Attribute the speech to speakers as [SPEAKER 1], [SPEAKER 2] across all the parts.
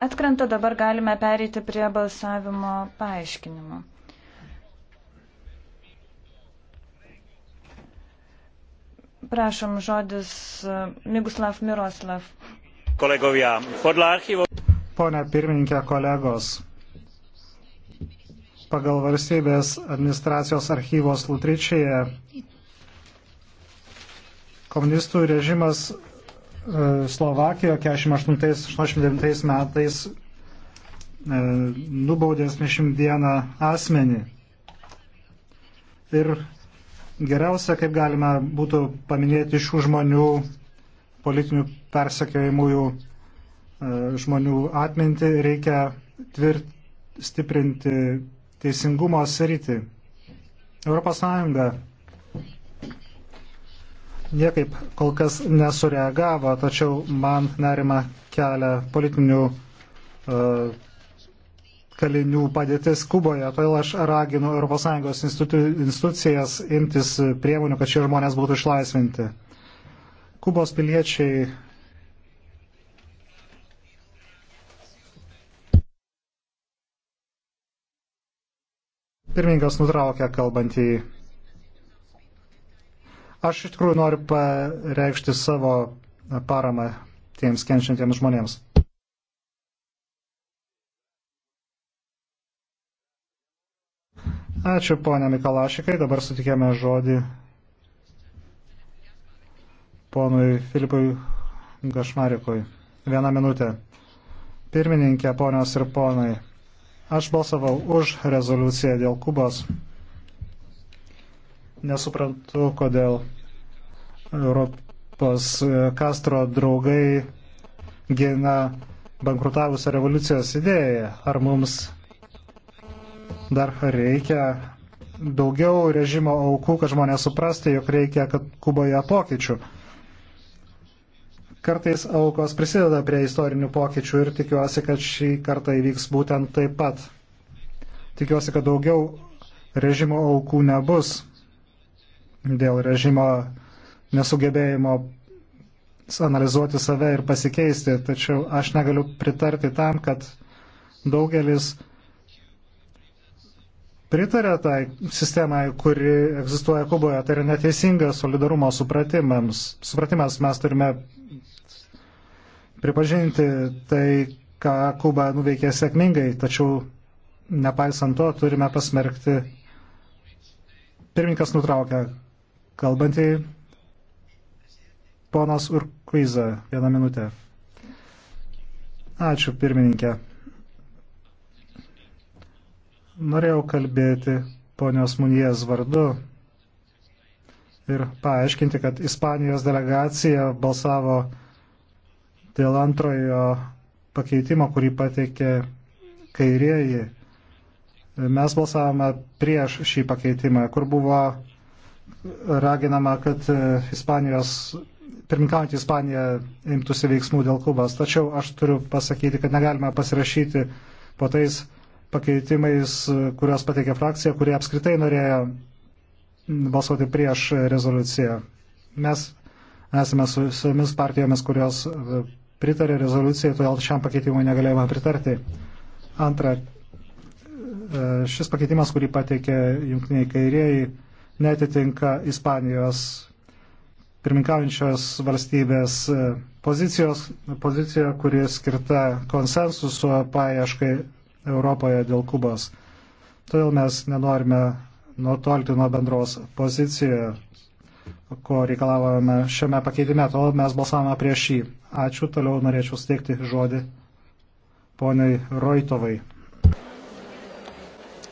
[SPEAKER 1] atkrenta, dabar galime pereiti prie balsavimo paaiškinimo. Prašom žodis e, Miguslav Miroslav. Kolegovia, podľa archyvo...
[SPEAKER 2] Pone pirmininkė, kolegos, pagal valstybės administracijos archyvos Lutričyje komunistų režimas E, Slovakijoje 48-89 metais e, nubaudė 71 asmenį. Ir geriausia, kaip galima būtų paminėti šių žmonių politinių persekiojimųjų e, žmonių atmintį, reikia tvirt, stiprinti teisingumo sritį. ES niekaip kol kas nesureagavo, tačiau man nerima kelia politinių uh, kalinių padėtis Kuboje. Todėl aš raginu ES institu, institucijas imtis priemonių, kad šie žmonės būtų išlaisvinti. Kubos piliečiai. Pirmingas nutraukė kalbantį Aš iš tikrųjų noriu pareikšti savo paramą tiems kenčiantiems žmonėms. Ačiū, ponia Mikalašikai. Dabar sutikėme žodį ponui Filipui Gašmarikui. Vieną minutę. Pirmininkė, ponios ir ponai, aš balsavau už rezoliuciją dėl Kubos. Nesuprantu, kodėl Europos Kastro e, draugai gina bankrutavusią revoliucijos idėją. Ar mums dar reikia daugiau režimo aukų, kad žmonės suprastų, jog reikia, kad Kuboje pokyčių. Kartais aukos prisideda prie istorinių pokyčių ir tikiuosi, kad šį kartą įvyks būtent taip pat. Tikiuosi, kad daugiau režimo aukų nebus dėl režimo nesugebėjimo analizuoti save ir pasikeisti, tačiau aš negaliu pritarti tam, kad daugelis pritarė tai sistemai, kuri egzistuoja Kuboje. Tai yra neteisinga solidarumo supratimams. Supratimas mes turime pripažinti tai, ką Kuba nuveikė sėkmingai, tačiau nepaisant to turime pasmerkti. Pirmininkas nutraukė kalbantį Ponas Urkviza, vieną minutę. Ačiū, pirmininkė. Norėjau kalbėti ponios Munijas vardu ir paaiškinti, kad Ispanijos delegacija balsavo dėl antrojo pakeitimo, kurį pateikė kairieji. Mes balsavome prieš šį pakeitimą, kur buvo raginama, kad e, Ispanijos, pirminkaujant Ispanija imtųsi veiksmų dėl Kubos. Tačiau aš turiu pasakyti, kad negalime pasirašyti po tais pakeitimais, kuriuos pateikė frakcija, kurie apskritai norėjo balsuoti prieš rezoliuciją. Mes esame su visomis partijomis, kurios e, pritarė rezoliucijai, todėl šiam pakeitimui negalėjome pritarti. Antra, e, šis pakeitimas, kurį pateikė jungtiniai kairieji, netitinka Ispanijos pirminkaujančios valstybės e, pozicijos, pozicija, kuri skirta konsensuso paieškai Europoje dėl Kubos. Todėl mes nenorime nutolti nuo bendros pozicijos, ko reikalavome šiame pakeitime, todėl mes balsavome prieš jį. Ačiū, toliau norėčiau steigti žodį poniai Roitovai.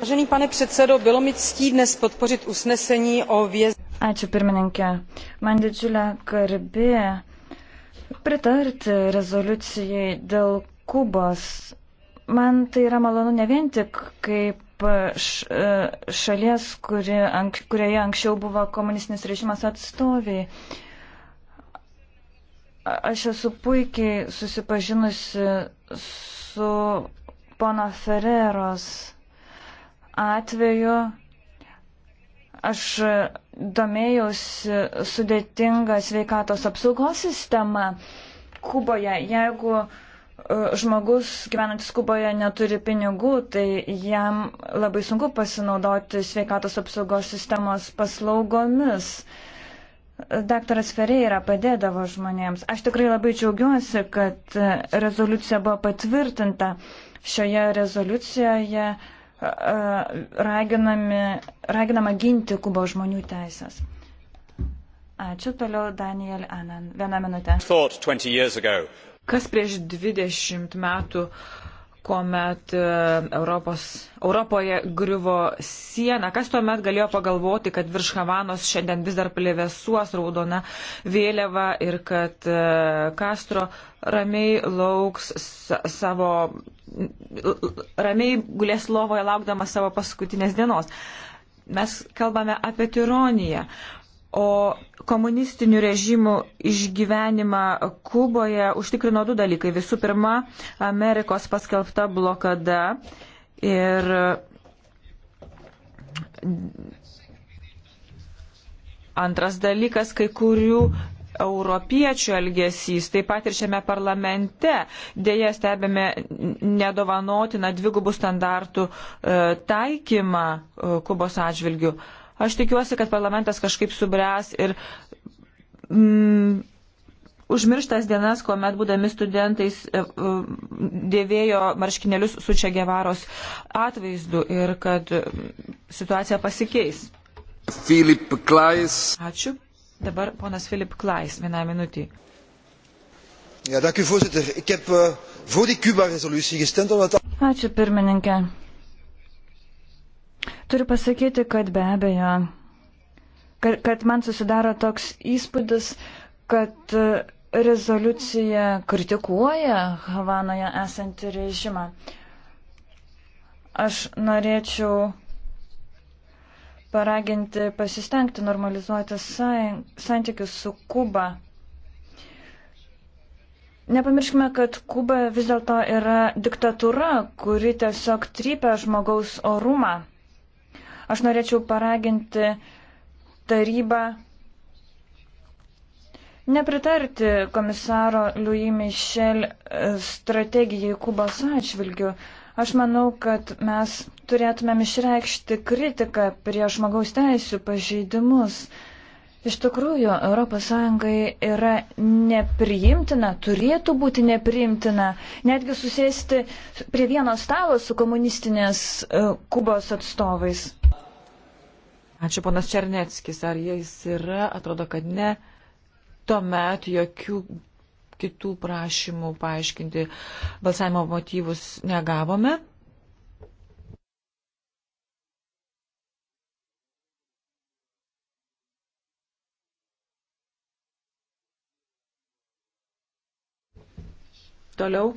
[SPEAKER 1] Vážený pane předsedo, bylo mi ctí dnes podpořit usnesení o vězení. Ačiū pirmininkė. Man didžiulė garbė pritarti rezoliucijai dėl Kubos. Man tai yra malonu ne vien tik kaip e, šalies, kuri, ank, kurioje anksčiau buvo komunistinis režimas atstoviai. Aš esu puikiai susipažinusi su pono Ferreros atveju aš domėjausi sudėtinga sveikatos apsaugos sistema Kuboje. Jeigu e, žmogus gyvenantis Kuboje neturi pinigų, tai jam labai sunku pasinaudoti sveikatos apsaugos sistemos paslaugomis. Daktaras Ferreira padėdavo žmonėms. Aš tikrai labai džiaugiuosi, kad rezoliucija buvo patvirtinta. Šioje rezoliucijoje uh, raginami, raginama ginti Kubos žmonių teisės. Ačiū toliau Daniel Anan. Vieną minutę. Kas prieš 20 metų uh,
[SPEAKER 3] kuomet e, Europos, Europoje griuvo siena. Kas tuomet galėjo pagalvoti, kad virš Havanos šiandien vis dar plėvesuos raudona vėliava ir kad Kastro e, ramiai lauks savo, ramiai gulės lovoje laukdamas savo paskutinės dienos. Mes kalbame apie tironiją, O komunistinių režimų išgyvenimą Kuboje užtikrino du dalykai. Visų pirma, Amerikos paskelbta blokada ir antras dalykas, kai kurių europiečių elgesys, taip pat ir šiame parlamente. Dėja, stebime nedovanotiną dvigubų standartų e, taikymą e, Kubos atžvilgių. Aš tikiuosi, kad parlamentas kažkaip subręs ir mm, užmirštas dienas, kuomet būdami studentais e, e, dėvėjo marškinėlius su Čia Gevaros atvaizdu ir kad mm, situacija pasikeis.
[SPEAKER 2] Filip Klais.
[SPEAKER 3] Ačiū. Dabar ponas Filip Klais, vieną
[SPEAKER 1] minutį.
[SPEAKER 2] Ja, dank u voorzitter. Ik heb uh, voor die Cuba-resolutie gestemd omdat.
[SPEAKER 1] Ačiū pirmininkė. Turiu pasakyti, kad be abejo, kad, kad man susidaro toks įspūdis, kad e, rezoliucija kritikuoja Havanoje esantį režimą. Aš norėčiau paraginti pasistengti normalizuoti santykius su Kuba. Nepamirškime, kad Kuba vis dėlto yra diktatūra, kuri tiesiog trypia žmogaus orumą. Aš norėčiau paraginti tarybą nepritarti komisaro Louis Michel strategijai Kubos atžvilgių. Aš manau, kad mes turėtumėm išreikšti kritiką prie žmogaus teisų pažeidimus. Iš tikrųjų, ES yra nepriimtina, turėtų būti nepriimtina, netgi susėsti prie vieno stalo su komunistinės e, Kubos atstovais. Ačiū, ponas Černeckis, ar jis yra, atrodo, kad ne.
[SPEAKER 3] Tuomet jokių kitų prašymų paaiškinti balsavimo motyvus negavome. Toliau.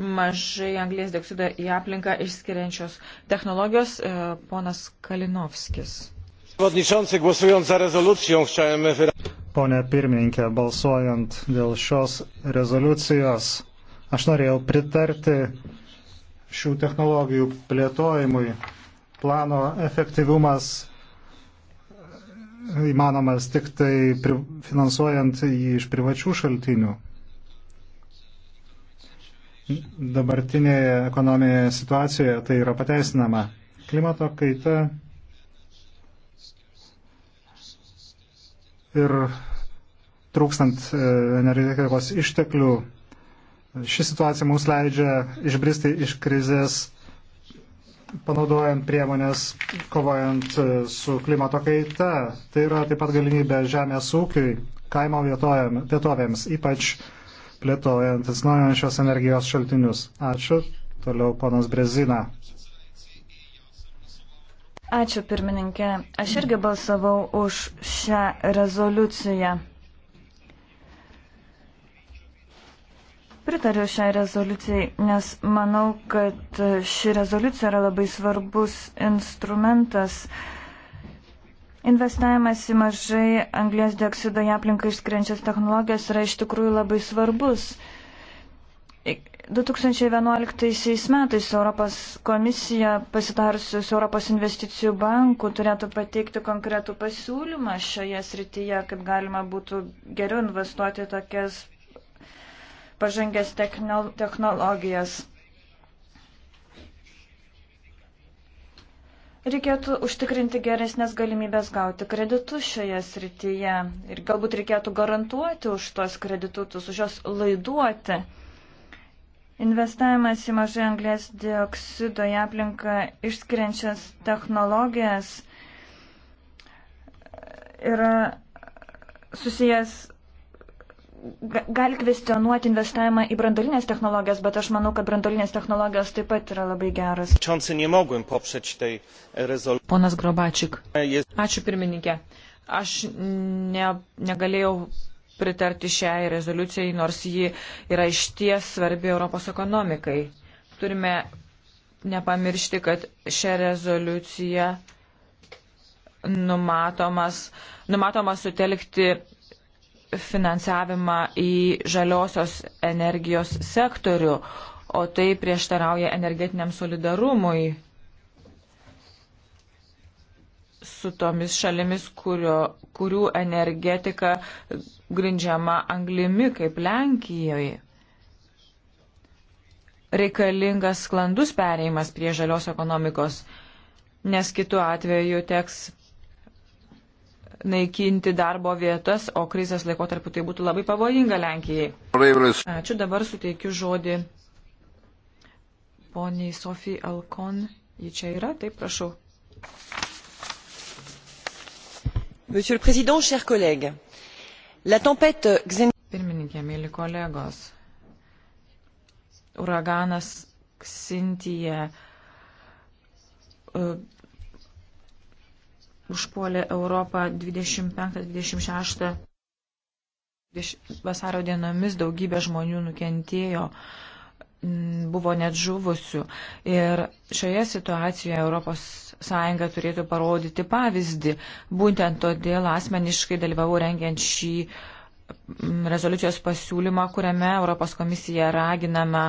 [SPEAKER 3] Mažai anglės dioksido į aplinką išskiriančios technologijos, e, ponas Kalinovskis.
[SPEAKER 2] Pone pirmininkė, balsuojant dėl šios rezoliucijos, aš norėjau pritarti šių technologijų plėtojimui. Plano efektyvumas įmanomas tik tai finansuojant jį iš privačių šaltinių. Dabartinėje ekonominėje situacijoje tai yra pateisinama. Klimato kaita ir trūkstant e, energetikos išteklių. Ši situacija mums leidžia išbristi iš krizės panaudojant priemonės kovojant e, su klimato kaita. Tai yra taip pat galimybė žemės ūkiui, kaimo vietovėms, ypač plėtojant atsinaujančios energijos šaltinius. Ačiū. Toliau ponas Brezina.
[SPEAKER 1] Ačiū pirmininkė. Aš irgi balsavau už šią rezoliuciją. Pritariu šiai rezoliucijai, nes manau, kad ši rezoliucija yra labai svarbus instrumentas. Investavimas į mažai anglės dioksido į aplinką išskrenčias technologijas yra iš tikrųjų labai svarbus. 2011 metais Europos komisija pasitarusius Europos investicijų bankų turėtų pateikti konkretų pasiūlymą šioje srityje, kaip galima būtų geriau investuoti tokias pažangės technologijas. Reikėtų užtikrinti geresnės galimybės gauti kreditus šioje srityje ir galbūt reikėtų garantuoti už tuos kreditutus, už juos laiduoti. Investavimas į mažai anglės dioksido į aplinką išskiriančias technologijas yra susijęs gali kvestionuoti investavimą į brandolinės technologijas, bet aš manau, kad brandolinės technologijos taip pat yra labai geras.
[SPEAKER 3] Ponas Grobačik. Ačiū pirmininkė. Aš ne, negalėjau pritarti šiai rezoliucijai, nors ji yra išties svarbi Europos ekonomikai. Turime nepamiršti, kad šią rezoliuciją numatomas, numatomas sutelkti finansavimą į žaliosios energijos sektorių, o tai prieštarauja energetiniam solidarumui su tomis šalimis, kurio, kurių energetika grindžiama anglimi kaip Lenkijoje. Reikalingas sklandus pereimas prie žalios ekonomikos, nes kitu atveju teks naikinti darbo vietas, o krizės laikotarpiu tai būtų labai pavojinga Lenkijai. Ačiū, dabar suteikiu žodį poniai Sofijai Alkon. Ji čia yra, taip prašau. Monsieur le Président, chers collègues, la tempête Xen... Pirmininkė, mėly kolegos, uraganas Ksintija užpuolė Europą 25-26 vasario dienomis daugybė žmonių nukentėjo, mm, buvo net žuvusių. Ir šioje situacijoje Europos Sąjunga turėtų parodyti pavyzdį. Būtent todėl asmeniškai dalyvavau rengiant šį uh, rezoliucijos pasiūlymą, kuriame Europos komisija raginama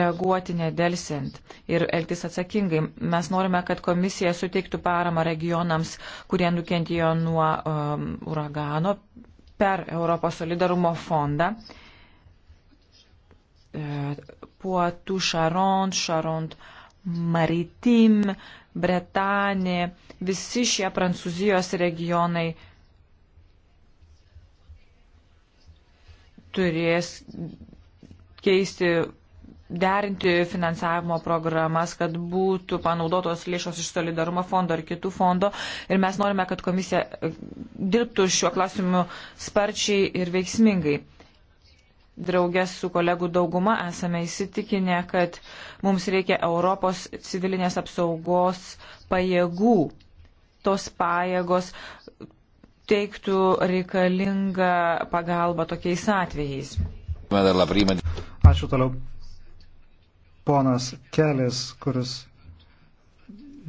[SPEAKER 3] reaguoti nedelsint ir elgtis atsakingai. Mes norime, kad komisija suteiktų paramą regionams, kurie nukentėjo nuo um, uragano per Europos solidarumo fondą. E, Puotų Šaront, Šaront Maritim, Bretanė, visi šie Prancūzijos regionai turės keisti, derinti finansavimo programas, kad būtų panaudotos lėšos iš solidarumo fondo ar kitų fondo. Ir mes norime, kad komisija e, dirbtų šiuo klausimu sparčiai ir veiksmingai draugės su kolegų dauguma esame įsitikinę, kad mums reikia Europos civilinės apsaugos pajėgų. Tos pajėgos teiktų reikalingą pagalbą tokiais atvejais.
[SPEAKER 2] Ačiū toliau. Ponas Kelis, kuris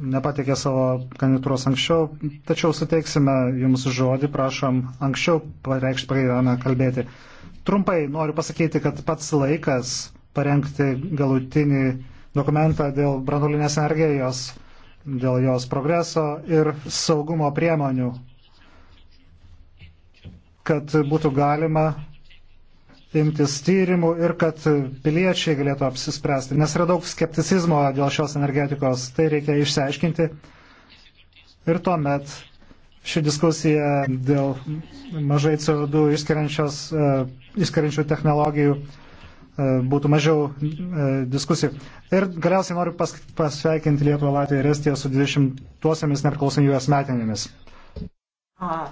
[SPEAKER 2] nepatikė savo kandidatūros anksčiau, tačiau suteiksime jums žodį, prašom anksčiau pareikšti pageidavimą kalbėti. Trumpai noriu pasakyti, kad pats laikas parengti galutinį dokumentą dėl branduolinės energijos, dėl jos progreso ir saugumo priemonių kad būtų galima imtis tyrimų ir kad piliečiai galėtų apsispręsti, nes yra daug skepticizmo dėl šios energetikos, tai reikia išsiaiškinti. Ir tuomet ši diskusija dėl mažai CO2 e, išskiriančių technologijų e, būtų mažiau e, diskusijų. Ir galiausiai noriu pas, pasveikinti Lietuvą, Latviją ir Estiją su 20-osiamis nepriklausomybės metinėmis. Aha.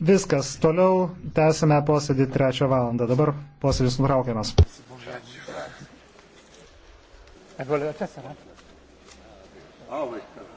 [SPEAKER 2] Viskas. Toliau tęsime posėdį trečią valandą. Dabar posėdis nutraukiamas. Ah oui.